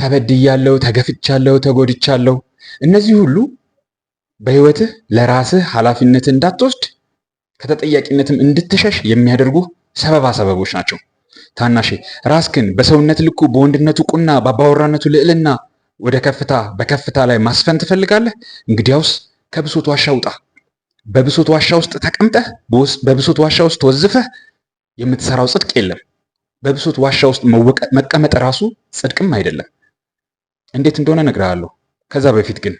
ተበድያለሁ፣ ተገፍቻለሁ፣ ተጎድቻለሁ፣ እነዚህ ሁሉ በህይወትህ ለራስህ ኃላፊነት እንዳትወስድ ከተጠያቂነትም እንድትሸሽ የሚያደርጉ ሰበባ ሰበቦች ናቸው። ታናሼ ራስክን በሰውነት ልኩ በወንድነቱ ቁና በአባወራነቱ ልዕልና ወደ ከፍታ በከፍታ ላይ ማስፈን ትፈልጋለህ? እንግዲያውስ ከብሶት ዋሻ ውጣ። በብሶት ዋሻ ውስጥ ተቀምጠህ በብሶት ዋሻ ውስጥ ተወዝፈህ የምትሰራው ጽድቅ የለም። በብሶት ዋሻ ውስጥ መቀመጥ ራሱ ጽድቅም አይደለም። እንዴት እንደሆነ እነግርሃለሁ። ከዛ በፊት ግን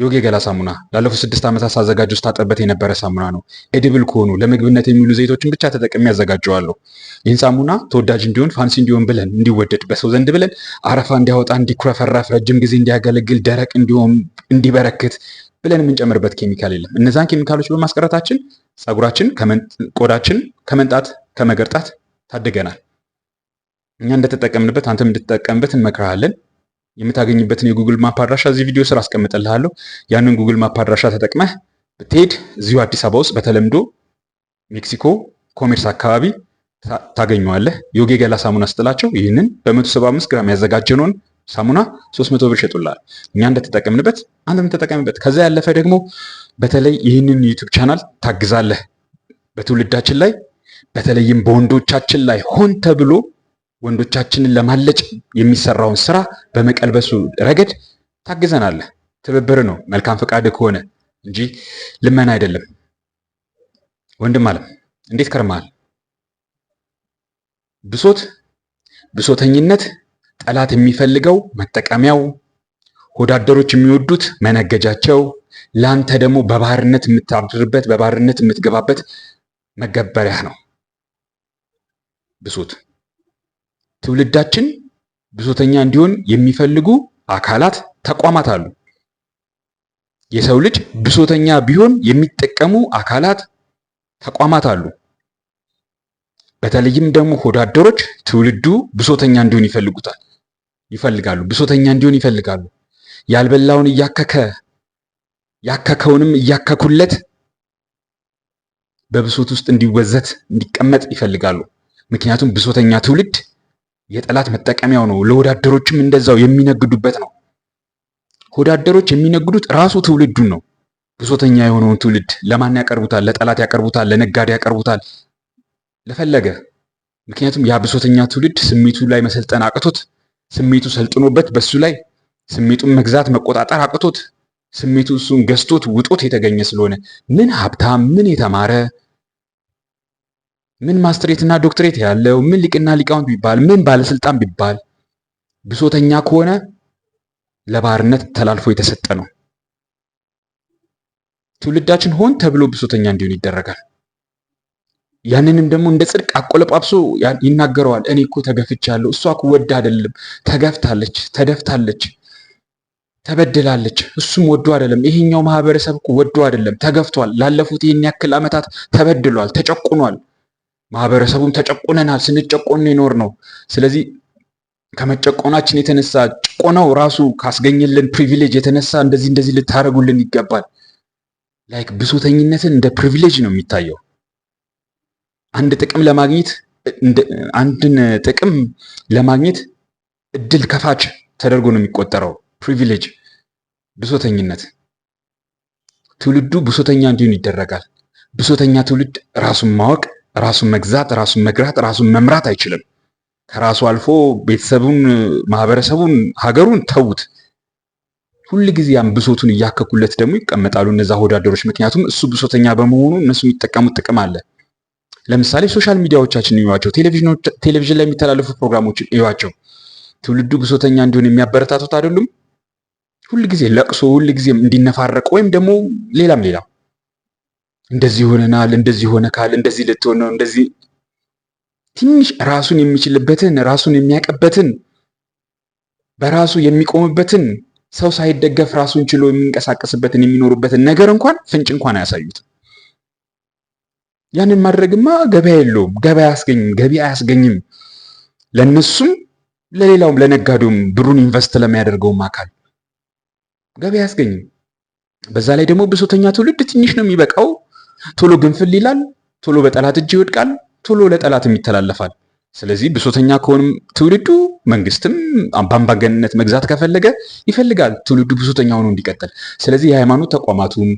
የወጌ ገላ ሳሙና ላለፉት ስድስት ዓመታት ሳዘጋጅ ውስጥ ታጠበት የነበረ ሳሙና ነው። ኤድብል ከሆኑ ለምግብነት የሚውሉ ዘይቶችን ብቻ ተጠቅሜ ያዘጋጀዋለሁ። ይህን ሳሙና ተወዳጅ እንዲሆን ፋንሲ እንዲሆን ብለን እንዲወደድ በሰው ዘንድ ብለን አረፋ እንዲያወጣ፣ እንዲኩረፈራፍ፣ ረጅም ጊዜ እንዲያገለግል፣ ደረቅ እንዲሆን፣ እንዲበረክት ብለን የምንጨምርበት ኬሚካል የለም። እነዛን ኬሚካሎች በማስቀረታችን ጸጉራችን፣ ቆዳችን ከመንጣት ከመገርጣት ታድገናል። እኛ እንደተጠቀምንበት አንተም እንድትጠቀምበት እንመክርሃለን። የምታገኝበትን የጉግል ማፕ አድራሻ እዚህ ቪዲዮ ስር አስቀምጥልሃለሁ። ያንን ጉግል ማፕ አድራሻ ተጠቅመህ ብትሄድ እዚሁ አዲስ አበባ ውስጥ በተለምዶ ሜክሲኮ ኮሜርስ አካባቢ ታገኘዋለህ። ዮጌ ገላ ሳሙና ስትላቸው ይህንን በ175 ግራም ያዘጋጀነውን ሳሙና 300 ብር ሸጡላል እኛ እንደተጠቀምንበት አንተም ተጠቀምበት። ከዛ ያለፈ ደግሞ በተለይ ይህንን ዩቱብ ቻናል ታግዛለህ። በትውልዳችን ላይ በተለይም በወንዶቻችን ላይ ሆን ተብሎ ወንዶቻችንን ለማለጭ የሚሰራውን ስራ በመቀልበሱ ረገድ ታግዘናለህ። ትብብር ነው መልካም ፈቃድ ከሆነ እንጂ ልመና አይደለም። ወንድም አለም እንዴት ከርመሃል? ብሶት፣ ብሶተኝነት ጠላት የሚፈልገው መጠቀሚያው፣ ሆዳደሮች የሚወዱት መነገጃቸው፣ ለአንተ ደግሞ በባህርነት የምታድርበት በባህርነት የምትገባበት መገበሪያ ነው ብሶት። ትውልዳችን ብሶተኛ እንዲሆን የሚፈልጉ አካላት፣ ተቋማት አሉ። የሰው ልጅ ብሶተኛ ቢሆን የሚጠቀሙ አካላት፣ ተቋማት አሉ። በተለይም ደግሞ ሆዳደሮች ትውልዱ ብሶተኛ እንዲሆን ይፈልጉታል ይፈልጋሉ ብሶተኛ እንዲሆን ይፈልጋሉ። ያልበላውን እያከከ ያከከውንም እያከኩለት በብሶት ውስጥ እንዲወዘት እንዲቀመጥ ይፈልጋሉ። ምክንያቱም ብሶተኛ ትውልድ የጠላት መጠቀሚያው ነው። ለወዳደሮችም እንደዛው የሚነግዱበት ነው። ወዳደሮች የሚነግዱት ራሱ ትውልዱን ነው። ብሶተኛ የሆነውን ትውልድ ለማን ያቀርቡታል? ለጠላት ያቀርቡታል፣ ለነጋዴ ያቀርቡታል፣ ለፈለገ። ምክንያቱም ያ ብሶተኛ ትውልድ ስሜቱ ላይ መሰልጠን አቅቶት፣ ስሜቱ ሰልጥኖበት በሱ ላይ ስሜቱን መግዛት መቆጣጠር አቅቶት፣ ስሜቱ እሱን ገዝቶት ውጦት የተገኘ ስለሆነ ምን ሀብታም ምን የተማረ ምን ማስትሬትና ዶክትሬት ያለው ምን ሊቅና ሊቃውንት ቢባል ምን ባለስልጣን ቢባል ብሶተኛ ከሆነ ለባርነት ተላልፎ የተሰጠ ነው። ትውልዳችን ሆን ተብሎ ብሶተኛ እንዲሆን ይደረጋል። ያንንም ደግሞ እንደ ጽድቅ አቆለጳብሶ ይናገረዋል። እኔ እኮ ተገፍቻለሁ፣ እሷ እኮ ወድ አይደለም ተገፍታለች፣ ተደፍታለች፣ ተበድላለች። እሱም ወዶ አይደለም፣ ይሄኛው ማህበረሰብ እኮ ወዶ አይደለም፣ ተገፍቷል። ላለፉት ይህን ያክል ዓመታት ተበድሏል፣ ተጨቁኗል። ማህበረሰቡን ተጨቆነናል። ስንጨቆን ይኖር ነው። ስለዚህ ከመጨቆናችን የተነሳ ጭቆናው ራሱ ካስገኘልን ፕሪቪሌጅ የተነሳ እንደዚህ እንደዚህ ልታደርጉልን ይገባል። ላይክ ብሶተኝነትን እንደ ፕሪቪሌጅ ነው የሚታየው። አንድ ጥቅም ለማግኘት አንድን ጥቅም ለማግኘት እድል ከፋች ተደርጎ ነው የሚቆጠረው። ፕሪቪሌጅ፣ ብሶተኝነት ትውልዱ ብሶተኛ እንዲሆን ይደረጋል። ብሶተኛ ትውልድ ራሱን ማወቅ ራሱን መግዛት፣ ራሱን መግራት፣ ራሱን መምራት አይችልም። ከራሱ አልፎ ቤተሰቡን፣ ማህበረሰቡን፣ ሀገሩን ተዉት። ሁል ጊዜ ያን ብሶቱን እያከኩለት ደግሞ ይቀመጣሉ እነዛ ወዳደሮች ምክንያቱም እሱ ብሶተኛ በመሆኑ እነሱ የሚጠቀሙት ጥቅም አለ። ለምሳሌ ሶሻል ሚዲያዎቻችን እዩዋቸው፣ ቴሌቪዥን ላይ የሚተላለፉ ፕሮግራሞችን እዩዋቸው። ትውልዱ ብሶተኛ እንዲሆን የሚያበረታቱት አይደሉም? ሁል ጊዜ ለቅሶ፣ ሁል ጊዜ እንዲነፋረቅ ወይም ደግሞ ሌላም ሌላም እንደዚህ ሆነናል፣ እንደዚህ ሆነ ካል፣ እንደዚህ ልትሆን ነው፣ እንደዚህ ትንሽ ራሱን የሚችልበትን ራሱን የሚያቀበትን በራሱ የሚቆምበትን ሰው ሳይደገፍ ራሱን ችሎ የሚንቀሳቀስበትን የሚኖሩበትን ነገር እንኳን ፍንጭ እንኳን አያሳዩትም። ያንን ማድረግማ ገበያ የለውም፣ ገበያ አያስገኝም፣ ገቢ አያስገኝም። ለነሱም ለሌላውም ለነጋዴውም ብሩን ኢንቨስት ለሚያደርገውም አካል ገበያ አያስገኝም። በዛ ላይ ደግሞ ብሶተኛ ትውልድ ትንሽ ነው የሚበቃው። ቶሎ ግንፍል ይላል፣ ቶሎ በጠላት እጅ ይወድቃል፣ ቶሎ ለጠላትም ይተላለፋል። ስለዚህ ብሶተኛ ከሆነ ትውልዱ መንግስትም በአምባገነንነት መግዛት ከፈለገ ይፈልጋል ትውልዱ ብሶተኛ ሆኖ እንዲቀጥል። ስለዚህ የሃይማኖት ተቋማቱም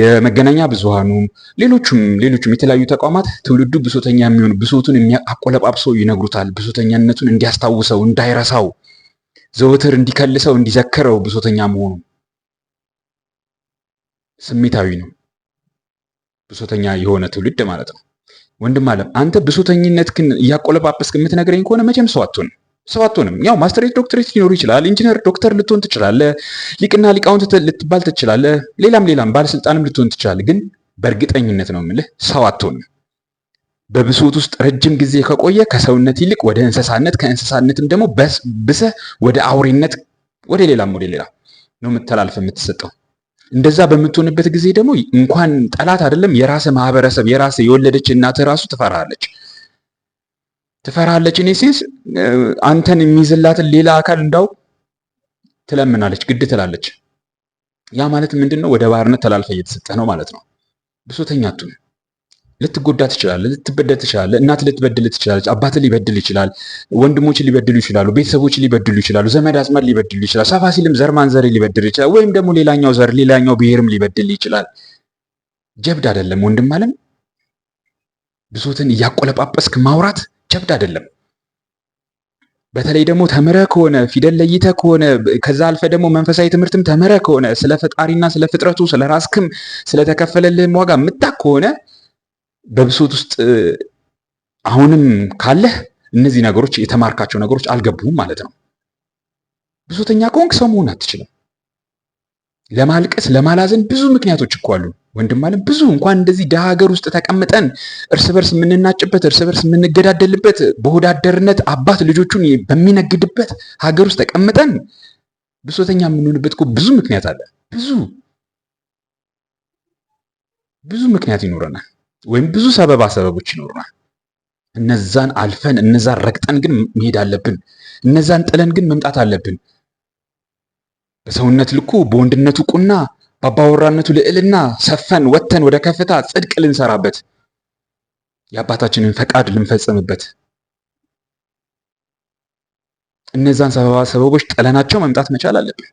የመገናኛ ብዙሃኑም ሌሎቹም ሌሎቹም የተለያዩ ተቋማት ትውልዱ ብሶተኛ የሚሆን ብሶቱን አቆለጳብሰው ይነግሩታል። ብሶተኛነቱን እንዲያስታውሰው፣ እንዳይረሳው፣ ዘወትር እንዲከልሰው፣ እንዲዘከረው ብሶተኛ መሆኑ ስሜታዊ ነው። ብሶተኛ የሆነ ትውልድ ማለት ነው። ወንድም አለም አንተ ብሶተኝነትህን እያቆለጳጰስክ የምትነግረኝ ከሆነ መቼም ሰው አትሆንም ሰው አትሆንም። ያው ማስተሬት ዶክትሬት ሊኖር ይችላል። ኢንጂነር ዶክተር ልትሆን ትችላለህ። ሊቅና ሊቃውንት ልትባል ትችላለህ። ሌላም ሌላም ባለስልጣንም ልትሆን ትችላለህ። ግን በእርግጠኝነት ነው የምልህ ሰው አትሆንም። በብሶት ውስጥ ረጅም ጊዜ ከቆየ ከሰውነት ይልቅ ወደ እንስሳነት፣ ከእንስሳነትም ደግሞ ብሰህ ወደ አውሬነት፣ ወደ ሌላም ወደ ሌላ ነው የምተላልፍ የምትሰጠው እንደዛ በምትሆንበት ጊዜ ደግሞ እንኳን ጠላት አይደለም የራስ ማህበረሰብ የራስ የወለደች እናት ራሱ ትፈራለች ትፈራለች። እኔ ሴንስ አንተን የሚይዝላትን ሌላ አካል እንዳው ትለምናለች፣ ግድ ትላለች። ያ ማለት ምንድን ነው? ወደ ባርነት ተላልፈ እየተሰጠ ነው ማለት ነው። ብሶተኛቱን ልትጎዳ ትችላለህ፣ ልትበደል ትችላለህ። እናት ልትበድል ትችላለች፣ አባት ሊበድል ይችላል፣ ወንድሞች ሊበድሉ ይችላሉ፣ ቤተሰቦች ሊበድሉ ይችላሉ፣ ዘመድ አዝማድ ሊበድሉ ይችላል። ሰፋ ሲልም ዘር ማንዘር ሊበድል ይችላል፣ ወይም ደግሞ ሌላኛው ዘር ሌላኛው ብሔርም ሊበድል ይችላል። ጀብድ አይደለም ወንድም አለም። ብሶትን እያቆለጳጰስክ ማውራት ጀብድ አይደለም። በተለይ ደግሞ ተምረ ከሆነ ፊደል ለይተ ከሆነ ከዛ አልፈ ደግሞ መንፈሳዊ ትምህርትም ተምረ ከሆነ ስለ ፈጣሪና ስለ ፍጥረቱ ስለ ራስክም ስለተከፈለልህም ዋጋ ምታ ከሆነ በብሶት ውስጥ አሁንም ካለህ እነዚህ ነገሮች የተማርካቸው ነገሮች አልገቡም ማለት ነው። ብሶተኛ ከሆንክ ሰው መሆን አትችልም። ለማልቀስ ለማላዘን ብዙ ምክንያቶች እኮ አሉ ወንድም አለም። ብዙ እንኳን እንደዚህ ደሀ ሀገር ውስጥ ተቀምጠን እርስ በርስ የምንናጭበት እርስ በርስ የምንገዳደልበት በወዳደርነት አደርነት አባት ልጆቹን በሚነግድበት ሀገር ውስጥ ተቀምጠን ብሶተኛ የምንሆንበት እኮ ብዙ ምክንያት አለ። ብዙ ብዙ ምክንያት ይኖረናል። ወይም ብዙ ሰበባ ሰበቦች ይኖሩናል። እነዛን አልፈን እነዛን ረግጠን ግን መሄድ አለብን። እነዛን ጥለን ግን መምጣት አለብን። በሰውነት ልኩ በወንድነቱ ቁና በአባወራነቱ ልዕልና ሰፈን ወጥተን ወደ ከፍታ ጽድቅ ልንሰራበት የአባታችንን ፈቃድ ልንፈጽምበት እነዛን ሰበባ ሰበቦች ጥለናቸው መምጣት መቻል አለብን።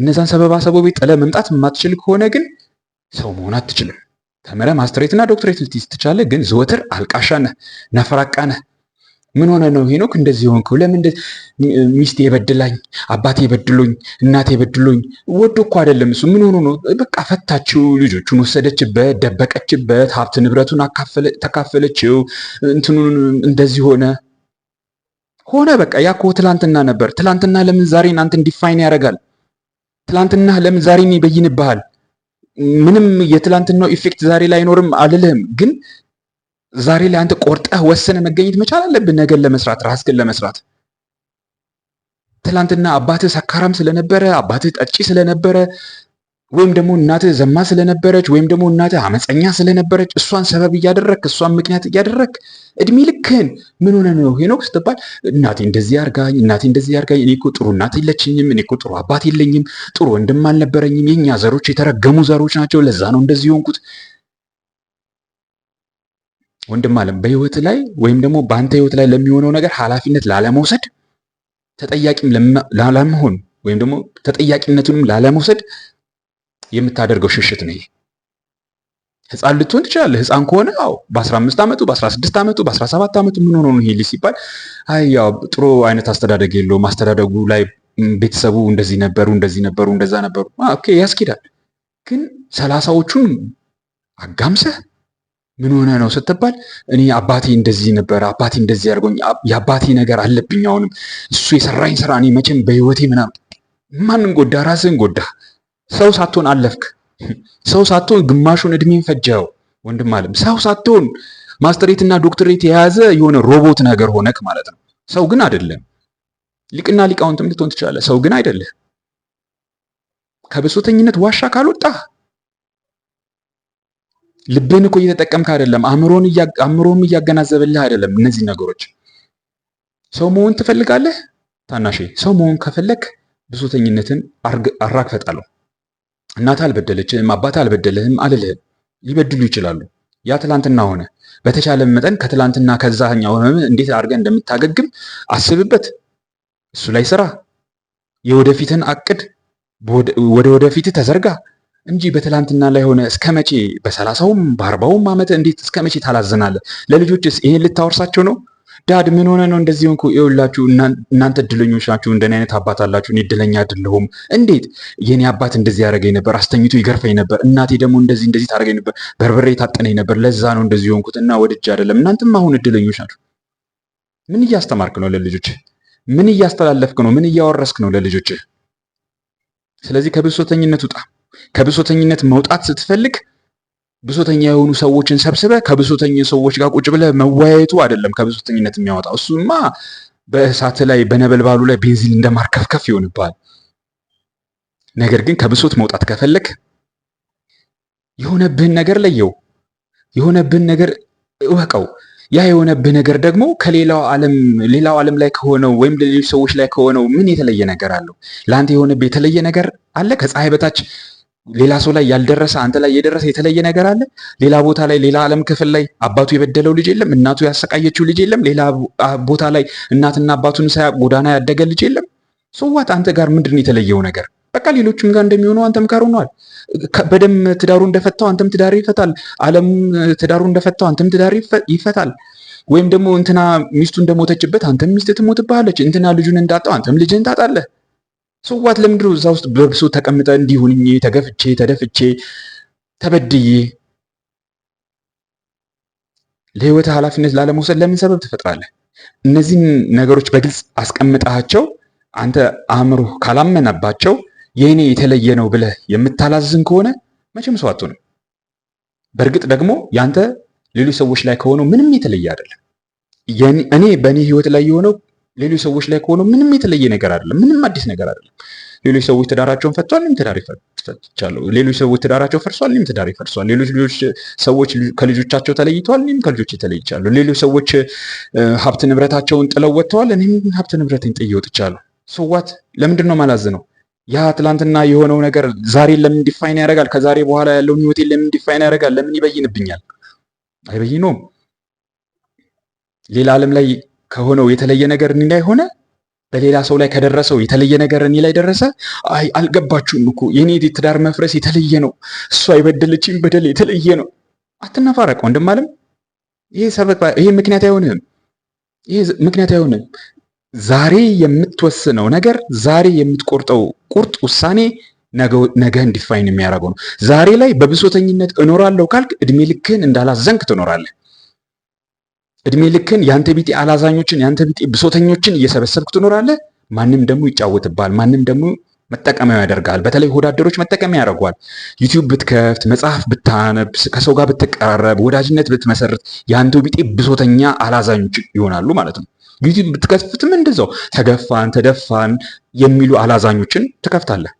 እነዛን ሰበባ ሰበቦች ጥለ መምጣት የማትችል ከሆነ ግን ሰው መሆን አትችልም። ተምረ ማስተሬትና ዶክትሬት ልትይዝ ትቻለ፣ ግን ዘወትር አልቃሻ ነህ፣ ናፈራቃ ነህ። ምን ሆነ ነው ሄኖክ እንደዚህ ሆንከው? ለምን ሚስት የበድላኝ፣ አባት የበድሎኝ፣ እናቴ የበድሎኝ፣ ወዶ እኮ አይደለም እሱ። ምን ሆኖ ነው? በቃ ፈታችው፣ ልጆቹን ወሰደችበት፣ ደበቀችበት፣ ሀብት ንብረቱን ተካፈለችው፣ እንትኑን እንደዚህ ሆነ ሆነ በቃ ያ እኮ ትላንትና ነበር። ትላንትና ለምን ዛሬን አንተ እንዲፋይን ያደርጋል? ትላንትና ለምን ዛሬን ይበይንብሃል? ምንም የትላንትናው ኢፌክት ዛሬ ላይ አይኖርም አልልህም፣ ግን ዛሬ ላይ አንተ ቆርጠህ ወሰነ መገኘት መቻል አለብን፣ ነገን ለመስራት ራስህን ለመስራት ትላንትና አባትህ ሰካራም ስለነበረ አባትህ ጠጪ ስለነበረ ወይም ደግሞ እናትህ ዘማ ስለነበረች ወይም ደግሞ እናትህ አመፀኛ ስለነበረች እሷን ሰበብ እያደረግክ እሷን ምክንያት እያደረግክ እድሜ ልክህን ምን ሆነ ነው ሄኖክ ስትባል እናቴ እንደዚህ አርጋኝ፣ እናቴ እንደዚህ አርጋኝ፣ እኔ እኮ ጥሩ እናት የለችኝም፣ እኔ እኮ ጥሩ አባት የለኝም፣ ጥሩ ወንድም አልነበረኝም፣ የእኛ ዘሮች የተረገሙ ዘሮች ናቸው፣ ለዛ ነው እንደዚህ ሆንኩት። ወንድም አለም በህይወት ላይ ወይም ደግሞ በአንተ ህይወት ላይ ለሚሆነው ነገር ኃላፊነት ላለመውሰድ ተጠያቂም ላለመሆን ወይም ደግሞ ተጠያቂነቱንም ላለመውሰድ የምታደርገው ሽሽት ነው ህፃን ልትሆን ትችላለህ። ህፃን ከሆነ አዎ በ15 ዓመቱ በ16 ዓመቱ በ17 ዓመቱ ምን ሆኖ ነው ይሄ ልጅ ሲባል አይ ያው ጥሩ አይነት አስተዳደግ የለውም አስተዳደጉ ላይ ቤተሰቡ እንደዚህ ነበሩ እንደዚህ ነበሩ እንደዛ ነበሩ ኦኬ ያስኬዳል። ግን ሰላሳዎቹን አጋምሰህ ምን ሆነ ነው ስትባል እኔ አባቴ እንደዚህ ነበር አባቴ እንደዚህ አድርጎኝ የአባቴ ነገር አለብኝ አሁንም እሱ የሰራኝ ስራ እኔ መቼም በህይወቴ ምናምን ማንም ጎዳ ራስህን ጎዳ። ሰው ሳትሆን አለፍክ። ሰው ሳትሆን ግማሹን እድሜን ፈጀኸው ወንድም አለም። ሰው ሳትሆን ማስተሬትና ዶክትሬት የያዘ የሆነ ሮቦት ነገር ሆነክ ማለት ነው። ሰው ግን አይደለም። ሊቅና ሊቃውንትም ልትሆን ትችላለህ። ሰው ግን አይደለህ። ከብሶተኝነት ዋሻ ካልወጣህ ልብን እኮ እየተጠቀምክ አይደለም። አእምሮም እያገናዘበልህ አይደለም። እነዚህ ነገሮች ሰው መሆን ትፈልጋለህ ታናሽ። ሰው መሆን ከፈለክ ብሶተኝነትን አራግፈጣለሁ። እናት አልበደለችም አባት አልበደልህም አልልህም። ሊበድሉ ይችላሉ። ያ ትላንትና ሆነ። በተቻለ መጠን ከትላንትና ከዛኛው ህመም እንዴት አድርገህ እንደምታገግም አስብበት። እሱ ላይ ስራ። የወደፊትን አቅድ። ወደ ወደፊት ተዘርጋ እንጂ በትላንትና ላይ ሆነ እስከ መቼ በሰላሳውም በአርባውም ዓመት እንዴት እስከ መቼ ታላዝናለህ? ለልጆችስ ይሄን ልታወርሳቸው ነው? ዳድ ምን ሆነ ነው እንደዚህ ሆንኩ? ይኸውላችሁ እናንተ እድለኞች ናችሁ፣ እንደኔ አይነት አባት አላችሁ። እኔ እድለኛ አይደለሁም። እንዴት የኔ አባት እንደዚህ ያደረገኝ ነበር፣ አስተኝቶ ይገርፈኝ ነበር። እናቴ ደግሞ እንደዚህ እንደዚህ ታደረገኝ ነበር፣ በርበሬ ታጠነኝ ነበር። ለዛ ነው እንደዚህ ሆንኩት እና ወድጄ አይደለም። እናንተም አሁን እድለኞች ናችሁ። ምን እያስተማርክ ነው ለልጆች? ምን እያስተላለፍክ ነው? ምን እያወረስክ ነው ለልጆች? ስለዚህ ከብሶተኝነት ውጣ። ከብሶተኝነት መውጣት ስትፈልግ ብሶተኛ የሆኑ ሰዎችን ሰብስበ ከብሶተኛ ሰዎች ጋር ቁጭ ብለ መወያየቱ አይደለም ከብሶተኝነት የሚያወጣው። እሱማ በእሳት ላይ በነበልባሉ ላይ ቤንዚን እንደማርከፍከፍ ይሆንባል። ነገር ግን ከብሶት መውጣት ከፈለክ የሆነብህን ነገር ለየው፣ የሆነብህን ነገር እወቀው። ያ የሆነብህ ነገር ደግሞ ከሌላው ዓለም ሌላው ዓለም ላይ ከሆነው ወይም ሌሎች ሰዎች ላይ ከሆነው ምን የተለየ ነገር አለው? ለአንተ የሆነብህ የተለየ ነገር አለ? ከፀሐይ በታች ሌላ ሰው ላይ ያልደረሰ አንተ ላይ የደረሰ የተለየ ነገር አለ? ሌላ ቦታ ላይ ሌላ ዓለም ክፍል ላይ አባቱ የበደለው ልጅ የለም? እናቱ ያሰቃየችው ልጅ የለም? ሌላ ቦታ ላይ እናትና አባቱን ሳያውቅ ጎዳና ያደገ ልጅ የለም? ሰዋት አንተ ጋር ምንድን ነው የተለየው ነገር? በቃ ሌሎችም ጋር እንደሚሆነው አንተም ጋር ሆኗል። በደም ትዳሩ እንደፈታው አንተም ትዳር ይፈታል። ዓለም ትዳሩ እንደፈታው አንተም ትዳር ይፈታል። ወይም ደግሞ እንትና ሚስቱ እንደሞተችበት አንተም ሚስት ትሞትብሃለች። እንትና ልጁን እንዳጣው አንተም ልጅን ታጣለህ። ሰዋት ለምድሩ እዛ ውስጥ በብሶ ተቀምጠ እንዲሁንኝ ተገፍቼ ተደፍቼ ተበድዬ ለህይወት ኃላፊነት ላለመውሰድ ለምን ሰበብ ትፈጥራለህ? እነዚህን ነገሮች በግልጽ አስቀምጠሃቸው አንተ አእምሮ ካላመነባቸው የእኔ የተለየ ነው ብለህ የምታላዝን ከሆነ መቼም ሰው አትሆንም። በእርግጥ ደግሞ ያንተ ሌሎች ሰዎች ላይ ከሆነው ምንም የተለየ አይደለም። እኔ በእኔ ህይወት ላይ የሆነው ሌሎች ሰዎች ላይ ከሆነ ምንም የተለየ ነገር አይደለም። ምንም አዲስ ነገር አይደለም። ሌሎች ሰዎች ትዳራቸውን ፈቷል፣ እኔም ትዳር ፈትቻለሁ። ሌሎች ሰዎች ትዳራቸው ፈርሷል፣ እኔም ትዳር ፈርሷል። ሌሎች ሌሎች ሰዎች ከልጆቻቸው ተለይተዋል፣ እኔም ከልጆች ተለይቻለሁ። ሌሎች ሰዎች ሀብት ንብረታቸውን ጥለው ወጥተዋል፣ እኔም ሀብት ንብረቴን ጥዬ ወጥቻለሁ። ሰዋት ለምንድን ነው ማላዝ ነው? ያ ትላንትና የሆነው ነገር ዛሬ ለምን ዲፋይን ያደርጋል? ከዛሬ በኋላ ያለውን ህይወቴ ለምን ዲፋይን ያደርጋል? ለምን ይበይንብኛል? አይበይነውም። ሌላ ዓለም ላይ ከሆነው የተለየ ነገር እኔ ላይ ሆነ፣ በሌላ ሰው ላይ ከደረሰው የተለየ ነገር እኔ ላይ ደረሰ። አይ አልገባችሁም እኮ የኔ ትዳር መፍረስ የተለየ ነው፣ እሷ የበደለችኝ በደል የተለየ ነው። አትነፋረቅ ወንድም አለም። ይሄ ሰበቅ ይሄ ምክንያት አይሆንም። ይሄ ምክንያት አይሆንም። ዛሬ የምትወስነው ነገር ዛሬ የምትቆርጠው ቁርጥ ውሳኔ ነገ እንዲፋይን የሚያደርገው ነው። ዛሬ ላይ በብሶተኝነት እኖራለሁ ካልክ እድሜ ልክህን እንዳላዘንክ ትኖራለህ። እድሜ ልክን የአንተ ቢጤ አላዛኞችን የአንተ ቢጤ ብሶተኞችን እየሰበሰብክ ትኖራለህ። ማንም ደግሞ ይጫወትብሃል። ማንም ደግሞ መጠቀሚያ ያደርጋል። በተለይ ወዳደሮች መጠቀሚያ ያደርጓል። ዩቲዩብ ብትከፍት፣ መጽሐፍ ብታነብ፣ ከሰው ጋር ብትቀራረብ፣ ወዳጅነት ብትመሰርት የአንተ ቢጤ ብሶተኛ አላዛኞች ይሆናሉ ማለት ነው። ዩቲዩብ ብትከፍትም እንደዛው ተገፋን፣ ተደፋን የሚሉ አላዛኞችን ትከፍታለህ።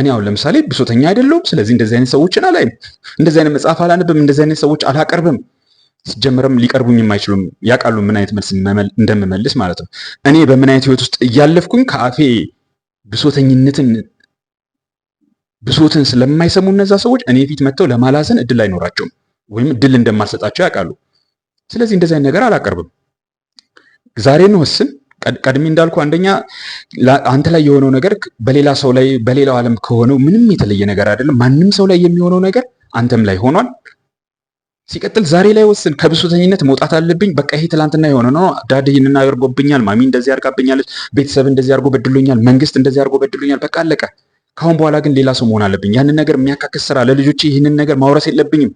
እኔ አሁን ለምሳሌ ብሶተኛ አይደለሁም። ስለዚህ እንደዚህ አይነት ሰዎችን አላይም። እንደዚህ አይነት መጽሐፍ አላነብም። እንደዚህ አይነት ሰዎች አላቀርብም። ሲጀምርም ሊቀርቡኝ የማይችሉም ያውቃሉ ምን አይነት መልስ እንደምመልስ ማለት ነው። እኔ በምን አይነት ህይወት ውስጥ እያለፍኩኝ ከአፌ ብሶተኝነትን ብሶትን ስለማይሰሙ እነዛ ሰዎች እኔ ፊት መጥተው ለማላዘን እድል አይኖራቸውም ወይም እድል እንደማልሰጣቸው ያውቃሉ። ስለዚህ እንደዚህ አይነት ነገር አላቀርብም። ዛሬ እንወስን። ቀድሜ እንዳልኩ አንደኛ አንተ ላይ የሆነው ነገር በሌላ ሰው ላይ በሌላው ዓለም ከሆነው ምንም የተለየ ነገር አይደለም። ማንም ሰው ላይ የሚሆነው ነገር አንተም ላይ ሆኗል። ሲቀጥል ዛሬ ላይ ወስን ከብሶተኝነት መውጣት አለብኝ። በቃ ይሄ ትላንትና የሆነ ነው። ዳድ ይህንን አድርጎብኛል፣ ማሚ እንደዚህ አድርጋብኛለች፣ ቤተሰብ እንደዚህ አድርጎ በድሎኛል፣ መንግስት እንደዚህ አድርጎ በድሎኛል። በቃ አለቀ። ከአሁን በኋላ ግን ሌላ ሰው መሆን አለብኝ። ያንን ነገር የሚያካክስ ስራ ለልጆች ይህንን ነገር ማውረስ የለብኝም።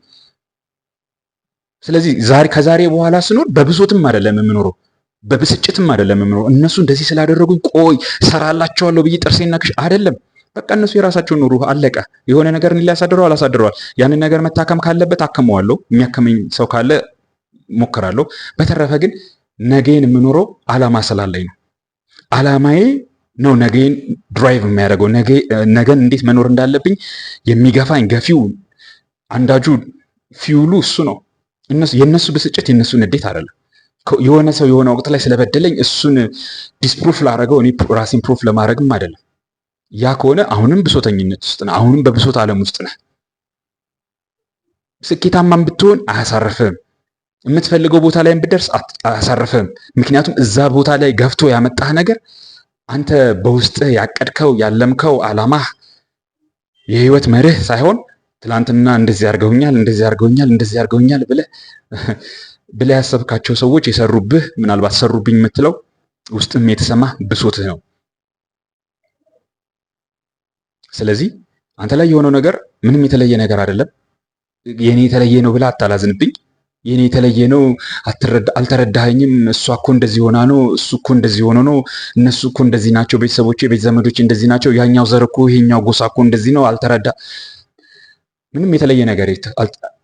ስለዚህ ዛሬ ከዛሬ በኋላ ስኖር በብሶትም አይደለም የምኖረው፣ በብስጭትም አይደለም የምኖረው። እነሱ እንደዚህ ስላደረጉኝ ቆይ ሰራላቸዋለሁ ብዬ ጥርሴና ክሽ አይደለም በቃ እነሱ የራሳቸውን ኑሮ አለቀ። የሆነ ነገር ሊያሳድረው አላሳድረዋል። ያንን ነገር መታከም ካለበት አክመዋለሁ። የሚያከመኝ ሰው ካለ ሞክራለሁ። በተረፈ ግን ነገን የምኖረው አላማ ስላለኝ ነው። አላማዬ ነው ነገን ድራይቭ የሚያደርገው ነገን እንዴት መኖር እንዳለብኝ የሚገፋኝ ገፊው አንዳጁ ፊውሉ እሱ ነው። የእነሱ ብስጭት የእነሱ ንዴት አይደለም። የሆነ ሰው የሆነ ወቅት ላይ ስለበደለኝ እሱን ዲስፕሩፍ ላደረገው እኔ ራሴን ፕሩፍ ለማድረግም አይደለም። ያ ከሆነ አሁንም ብሶተኝነት ውስጥ ነህ። አሁንም በብሶት ዓለም ውስጥ ነህ። ስኬታማን ብትሆን አያሳርፍም የምትፈልገው ቦታ ላይ ብደርስ አያሳርፍም ምክንያቱም እዛ ቦታ ላይ ገፍቶ ያመጣህ ነገር አንተ በውስጥህ ያቀድከው ያለምከው ዓላማህ የህይወት መርህ ሳይሆን ትላንትና እንደዚህ አድርገውኛል፣ እንደዚህ አድርገውኛል፣ እንደዚህ አድርገውኛል ብለህ ብለህ ያሰብካቸው ሰዎች የሰሩብህ ምናልባት ሰሩብኝ የምትለው ውስጥም የተሰማህ ብሶትህ ነው። ስለዚህ አንተ ላይ የሆነው ነገር ምንም የተለየ ነገር አይደለም። የኔ የተለየ ነው ብላ አታላዝንብኝ። የኔ የተለየ ነው አልተረዳኸኝም፣ እሷ እኮ እንደዚህ ሆና ነው፣ እሱ እኮ እንደዚህ ሆኖ ነው፣ እነሱ እኮ እንደዚህ ናቸው፣ ቤተሰቦች ቤተ ዘመዶች እንደዚህ ናቸው፣ ያኛው ዘር እኮ ይሄኛው ጎሳ እኮ እንደዚህ ነው፣ አልተረዳ ምንም የተለየ ነገር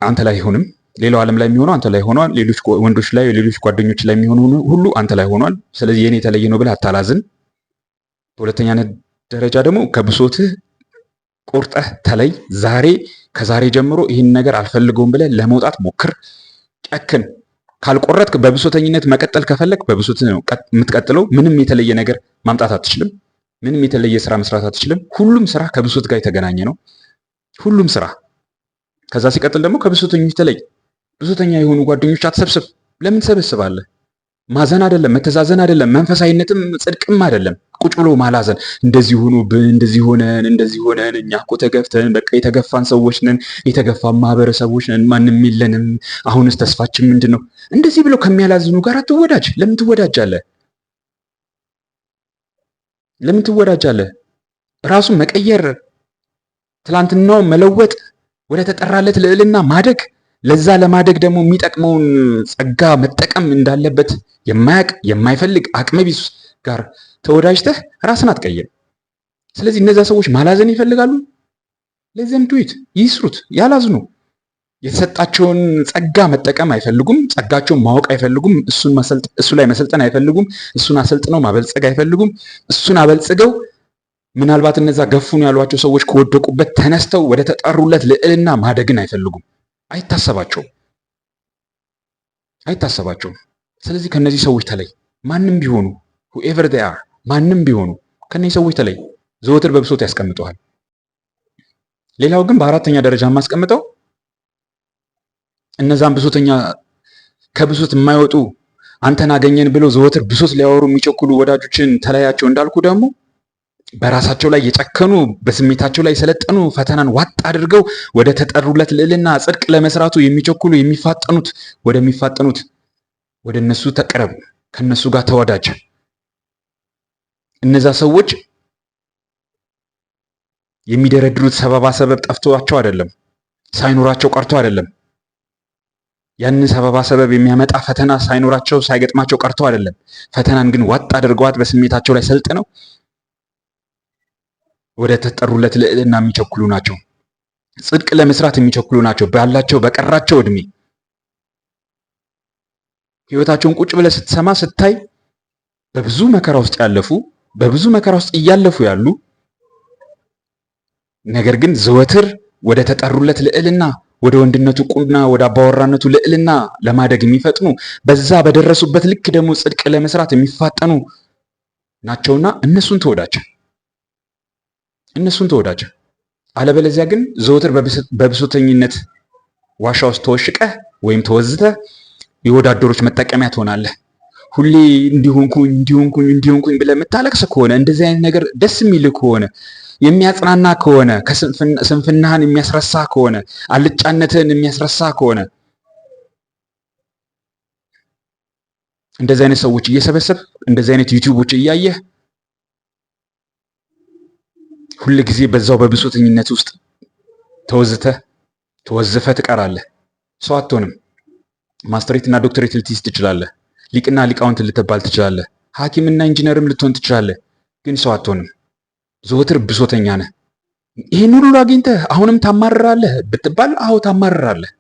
አንተ ላይ አይሆንም። ሌላው ዓለም ላይ የሚሆነው አንተ ላይ ሆኗል። ሌሎች ወንዶች ላይ፣ ሌሎች ጓደኞች ላይ የሚሆኑ ሁሉ አንተ ላይ ሆኗል። ስለዚህ የኔ የተለየ ነው ብለህ አታላዝን። በሁለተኛ ደረጃ ደግሞ ከብሶትህ ቁርጠ ተለይ። ዛሬ ከዛሬ ጀምሮ ይህን ነገር አልፈልገውም ብለህ ለመውጣት ሞክር። ጨክን። ካልቆረጥክ በብሶተኝነት መቀጠል ከፈለግ በብሶት ነው የምትቀጥለው። ምንም የተለየ ነገር ማምጣት አትችልም። ምንም የተለየ ስራ መስራት አትችልም። ሁሉም ስራ ከብሶት ጋር የተገናኘ ነው። ሁሉም ስራ። ከዛ ሲቀጥል ደግሞ ከብሶተኞች ተለይ። ብሶተኛ የሆኑ ጓደኞች አትሰብስብ። ለምን ትሰበስባለህ? ማዘን አይደለም፣ መተዛዘን አይደለም፣ መንፈሳዊነትም ጽድቅም አይደለም። ቁጭ ብሎ ማላዘን እንደዚህ ሆኖብን እንደዚህ ሆነን እንደዚህ ሆነን እኛ እኮ ተገፍተን በቃ የተገፋን ሰዎች ነን፣ የተገፋን ማህበረሰቦች ነን፣ ማንም የለንም፣ አሁንስ ተስፋችን ምንድን ነው? እንደዚህ ብለው ከሚያላዝኑ ጋር አትወዳጅ። ለምን ትወዳጃለህ? ለምን ትወዳጃለህ? ራሱ መቀየር፣ ትላንትናው መለወጥ፣ ወደ ተጠራለት ልዕልና ማደግ ለዛ ለማደግ ደግሞ የሚጠቅመውን ጸጋ መጠቀም እንዳለበት የማያቅ የማይፈልግ አቅመ ጋር ተወዳጅተህ ራስን አትቀይር። ስለዚህ እነዛ ሰዎች ማላዘን ይፈልጋሉ። ለዚም ዱዊት ይስሩት፣ ያላዝኑ። የተሰጣቸውን ጸጋ መጠቀም አይፈልጉም። ጸጋቸውን ማወቅ አይፈልጉም። እሱ ላይ መሰልጠን አይፈልጉም። እሱን አሰልጥነው ማበልጸግ አይፈልጉም። እሱን አበልጽገው ምናልባት እነዛ ገፉን ያሏቸው ሰዎች ከወደቁበት ተነስተው ወደ ተጠሩለት ልዕልና ማደግን አይፈልጉም። አይታሰባቸውም አይታሰባቸውም። ስለዚህ ከነዚህ ሰዎች ተለይ። ማንም ቢሆኑ ሁኤቨር ዴይ አር ማንም ቢሆኑ ከነዚህ ሰዎች ተለይ። ዘወትር በብሶት ያስቀምጠዋል። ሌላው ግን በአራተኛ ደረጃ የማስቀምጠው እነዛን ብሶተኛ ከብሶት የማይወጡ አንተን አገኘን ብለው ዘወትር ብሶት ሊያወሩ የሚቸኩሉ ወዳጆችን ተለያቸው እንዳልኩ ደግሞ በራሳቸው ላይ የጨከኑ በስሜታቸው ላይ የሰለጠኑ ፈተናን ዋጥ አድርገው ወደ ተጠሩለት ልዕልና ጽድቅ ለመስራቱ የሚቸኩሉ የሚፋጠኑት ወደሚፋጠኑት ወደ እነሱ ተቅረቡ፣ ከነሱ ጋር ተወዳጅ። እነዛ ሰዎች የሚደረድሩት ሰበባ ሰበብ ጠፍቷቸው አይደለም፣ ሳይኖራቸው ቀርቶ አይደለም። ያንን ሰበባ ሰበብ የሚያመጣ ፈተና ሳይኖራቸው ሳይገጥማቸው ቀርቶ አይደለም። ፈተናን ግን ዋጥ አድርገዋት በስሜታቸው ላይ ሰልጥ ነው ወደ ተጠሩለት ልዕልና የሚቸኩሉ ናቸው። ጽድቅ ለመስራት የሚቸኩሉ ናቸው። ባላቸው በቀራቸው እድሜ ህይወታቸውን ቁጭ ብለህ ስትሰማ ስታይ በብዙ መከራ ውስጥ ያለፉ በብዙ መከራ ውስጥ እያለፉ ያሉ ነገር ግን ዘወትር ወደ ተጠሩለት ልዕልና ወደ ወንድነቱ ቁና ወደ አባወራነቱ ልዕልና ለማደግ የሚፈጥኑ በዛ በደረሱበት ልክ ደግሞ ጽድቅ ለመስራት የሚፋጠኑ ናቸውና እነሱን ተወዳቸው። እነሱን ተወዳጀ። አለበለዚያ ግን ዘወትር በብሶተኝነት ዋሻ ውስጥ ተወሽቀህ ወይም ተወዝተህ የወዳደሮች መጠቀሚያ ትሆናለህ። ሁሌ እንዲሆንኩኝ እንዲሆንኩኝ እንዲሆንኩኝ ብለህ የምታለቅስ ከሆነ እንደዚህ አይነት ነገር ደስ የሚል ከሆነ የሚያጽናና ከሆነ ስንፍናህን የሚያስረሳ ከሆነ አልጫነትህን የሚያስረሳ ከሆነ እንደዚህ አይነት ሰዎች እየሰበሰብ እንደዚህ አይነት ዩቲዩቦች እያየህ ሁል ጊዜ በዛው በብሶተኝነት ውስጥ ተወዝተ ተወዝፈ ትቀራለህ። ሰው አትሆንም። ማስተሬት እና ዶክተሬት ልትይዝ ትችላለህ። ሊቅና ሊቃውንት ልትባል ትችላለህ። ሐኪምና ኢንጂነርም ልትሆን ትችላለህ። ግን ሰው አትሆንም። ዘወትር ብሶተኛ ነህ። ይህን ሁሉ አግኝተህ አሁንም ታማርራለህ ብትባል፣ አዎ ታማርራለህ።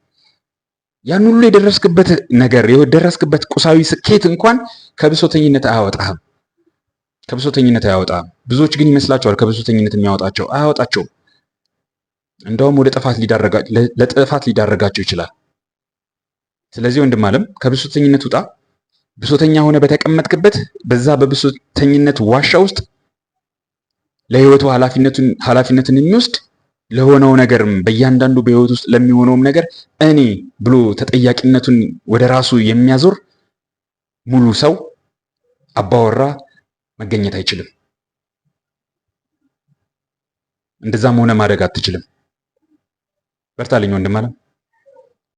ያን ሁሉ የደረስክበት ነገር የደረስክበት ቁሳዊ ስኬት እንኳን ከብሶተኝነት አያወጣህም። ከብሶተኝነት አያወጣም። ብዙዎች ግን ይመስላቸዋል ከብሶተኝነት የሚያወጣቸው አያወጣቸውም። እንደውም ወደ ለጥፋት ሊዳረጋቸው ይችላል። ስለዚህ ወንድም ዓለም ከብሶተኝነት ውጣ። ብሶተኛ ሆነ በተቀመጥክበት በዛ በብሶተኝነት ዋሻ ውስጥ ለህይወቱ ኃላፊነትን የሚወስድ ለሆነው ነገርም በእያንዳንዱ በህይወት ውስጥ ለሚሆነውም ነገር እኔ ብሎ ተጠያቂነቱን ወደ ራሱ የሚያዞር ሙሉ ሰው አባወራ መገኘት አይችልም። እንደዛም ሆነ ማድረግ አትችልም። በርታለኝ ወንድም አለም።